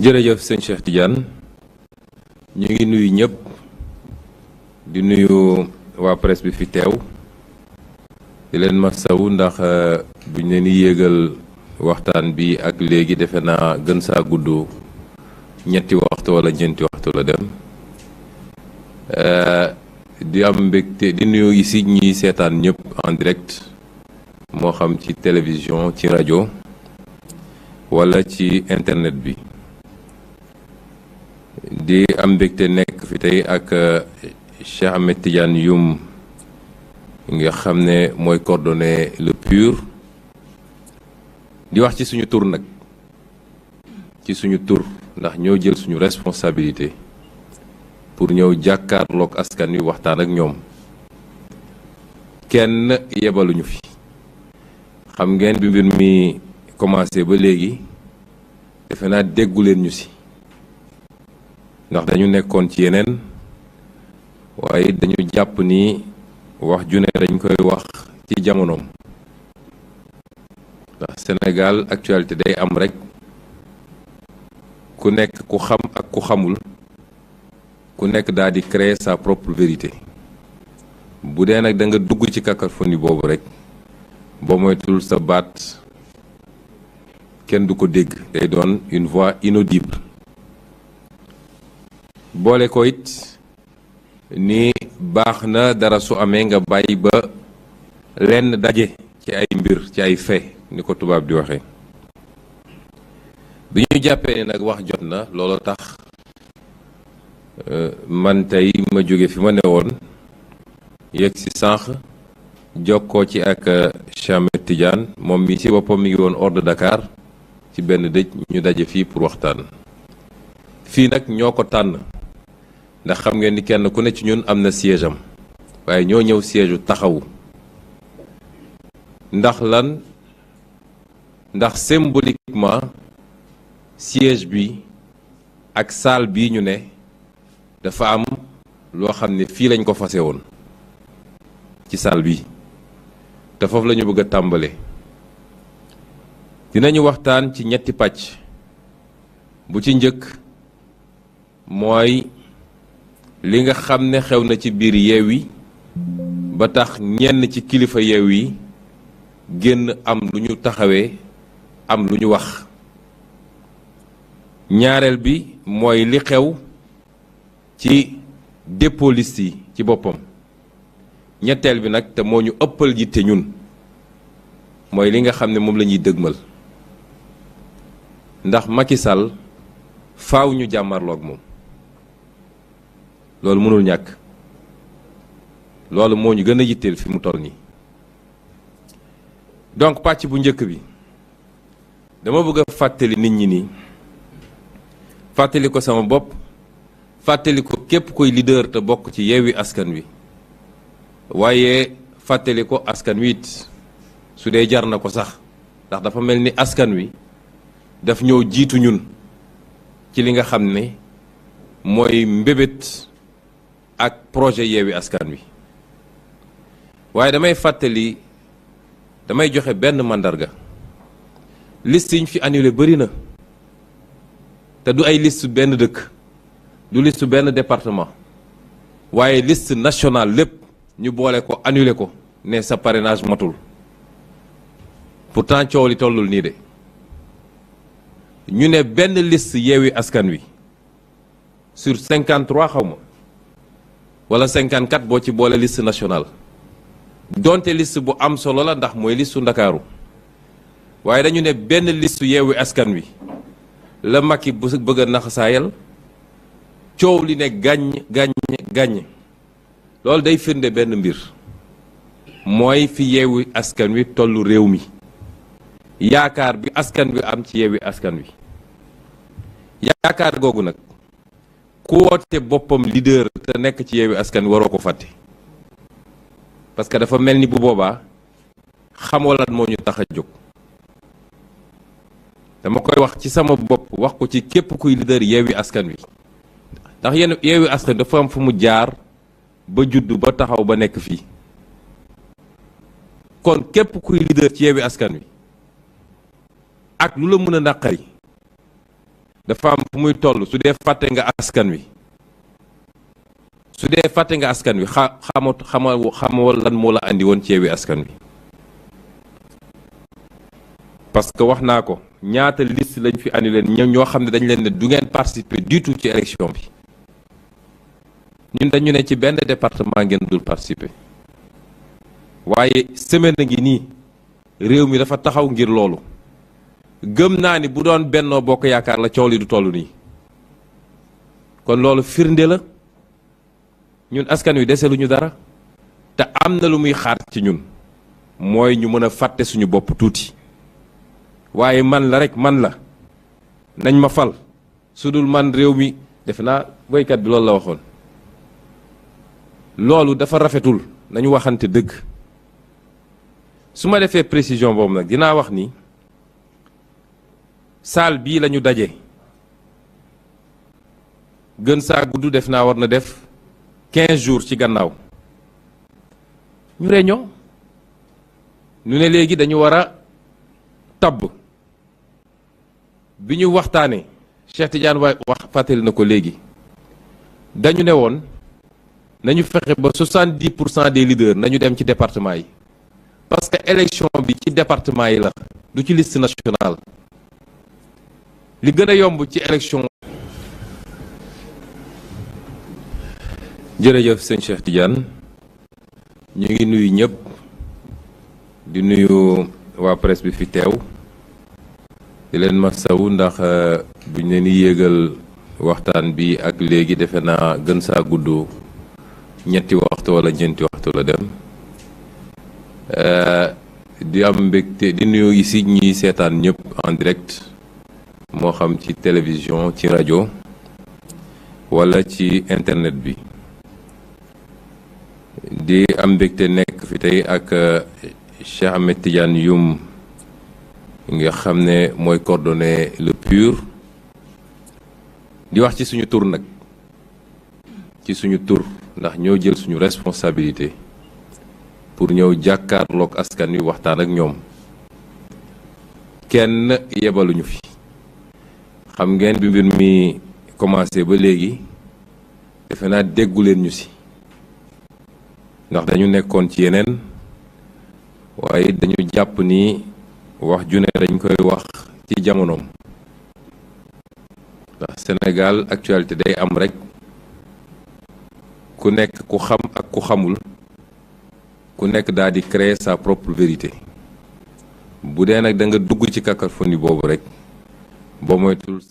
jërëjëf sëñ Cheikh Tidiane ñu ngi nuyu ñëpp di nuyu waa presse bi fi teew di leen ma masawu ndax euh, buñ leen di yéegal waxtaan bi ak léegi defe naa gën saa gudd ñetti waxtu wala ñeenti waxtu la dem euh, di am mbégte di nuyu ici ñiy seetaan ñëpp en direct moo xam ci télévision ci rajo wala ci internet bi. di am mbégte nekk fi tey ak euh, Cheikh Ahmed Tidiane Youm nga xam ne mooy coordonné le PUR di wax ci suñu tur nag ci suñu tur ndax ñoo jël suñu responsabilité pour ñëw jàkkaarlook askan wi waxtaan ak ñoom kenn yebaluñu fi xam ngeen bi mbir mi commencé ba léegi defe naa dégguleen ñu si ndax dañu nekkoon ci yeneen waaye dañu jàpp ni wax ju ne dañ koy wax ci jamonoom ndax Sénégal actualité day am rek ku nekk ku xam ak ku xamul ku nekk daal di créer sa propre vérité bu dee nag da nga dugg ci cacophonie boobu rek boo moytul sa baat kenn du ko dégg day doon une voix boole ko it ni baax na dara su amee nga bàyyi ba lenn daje ci ay mbir ci ay fait ni ko tubaab di waxe bi ñu jàppee ne nag wax jot na loolu tax euh, man tey ma jóge fi ma ne woon yegg ci sànq jokkoo ci ak euh, Chamet moom mi ci boppam mi ngi woon hors Dakar ci benn dëj ñu daje fii pour waxtaan fii nag ñoo ko tànn ndax xam ngeen ni kenn ku ne ci ñun am na siège waaye ñoo ñëw siège taxawu ndax lan ndax symboliquement siège bi ak salle bii ñu ne dafa am loo xam ne fii lañ ko fase woon ci salle bi te foofu lañu ñu bëgg a tàmbale dinañu waxtaan ci ñetti pàcc bu ci njëkk mooy li nga xam ne xew na ci biir yi ba tax ñenn ci kilifa yi génn am lu ñu taxawee am lu ñu wax ñaareel bi mooy li xew ci dépôt yi ci boppam ñetteel bi nag te moo ñu ëppal yitte ñun mooy li nga xam ne moom lañuy ñuy dëgmal ndax makisal Sall faaw ñu jàmmarloog moom loolu mënul ñàkk loolu moo ñu gën a yitteel fi mu toll nii donc pàcc bu njëkk bi dama bëgg a fàttali nit ñi nii fàttali ko sama bopp fàttali ko képp koy leader te bokk ci Yewwi Askan Wi waaye fàttali ko askan wi su dee jar na ko sax ndax dafa mel ni askan wi daf ñëw jiitu ñun ci li nga xam ne mooy mbébét ak projet yeewi askan wi waaye damay fàttali damay joxe benn màndarga liste yi ñu fi annulé bëri na te du ay list benn dëkk du list benn département waaye list national lépp ñu boole ko annulé ko ne sa parrainage matul pourtant coow li tollul nii de ñu ne benn list yeewi askan wi sur 53 xaw wala 54 boo ci boole liste national donte list bu am solo la ndax mooy listu ndakaaru waaye dañu ne benn listu yeewu askan wi la Macky bu bëgg a naxasaayal coow li ne gàññ gàññ gàññ loolu day firnde benn mbir mooy fi yeewu askan wi tollu réew mi yaakaar bi askan wi am ci yeewi askan wi yaakaar googu nag ku woote boppam leader te nekk ci Yewwi Askan waroo ko fàtte parce que dafa mel ni bu boobaa xamoo lan moo ñu tax a jóg dama koy wax ci sama bopp wax ko ci képp kuy leader Yewwi Askan wi ndax yenn Yewwi Askan dafa am fu mu jaar ba judd ba taxaw ba nekk fii kon képp kuy leader ci Yewwi Askan wi ak lu la mën a naqari dafa am fu muy toll su dee fàtte nga askan wi su dee fàtte nga askan wi xa xamat xamawal lan moo la indi woon ceewi askan wi parce que wax naa ko ñaata liste lañ fi andi leen ñoo xam ne dañu leen ne du ngeen participer du tout ci élection bi ñun dañu ne ci benn département ngeen dul participer waaye semaine ngi nii réew mi dafa taxaw ngir loolu gëm naa ni bu doon bennoo bokk yaakaar la coow lii du tollu nii kon loolu firnde la ñun askan wi dese lu ñu dara te am na lu muy xaar ci ñun mooy ñu mën a fàtte suñu bopp tuuti waaye man la rek man la nañ ma fal su dul man réew mi defe naa boykat bi loolu la waxoon loolu dafa rafetul nañu waxante dëgg su ma defee précision boobu nag dinaa wax ni saal bii lañu daje gën saa gudd def naa war na def quinze jours ci gannaaw ñu réunion ñu ne léegi dañu war a tabb bi ñu waxtaanee Cheikh Tidiane waay wax fàttali na ko léegi dañu ne woon nañu fexe ba soixante dix pour cent des leaders nañu dem ci département yi parce que élection bi ci département yi la du ci liste nationale li gën a yomb ci élection. jërëjëf sëñ Cheikh Tidiane ñu ngi nuyu ñëpp di nuyu waa presse bi fi teew di leen ma masawu ndax eh, buñ leen di yëgal waxtaan bi ak léegi defe naa gën saa gudd ñetti waxtu wala ñeenti waxtu la dem. Eh, di am mbégte di nuyu ici ñiy seetaan ñëpp en direct. moo xam ci télévision ci rajo wala ci internet bi di am mbégte nekk fi tey ak eh, Cheikh Ahmed Tidiane Youm nga xam ne mooy coordonné le PUR di wax ci suñu tur nag ci suñu tur ndax ñoo jël suñu responsabilité pour ñëw jàkkaarlook askan wi waxtaan ak ñoom kenn yebaluñu fi xam ngeen bi mbir mi commencé ba léegi defe naa déggu leen ñu si ndax dañu nekkoon ci yeneen waaye dañu jàpp ni wax ju ne dañ koy wax ci jamonoom ndax Sénégal actualité day am rek ku nekk ku xam ak ku xamul ku nekk daal di créer sa propre vérité bu dee nag da nga dugg ci cacophonie boobu rek boo moytul sa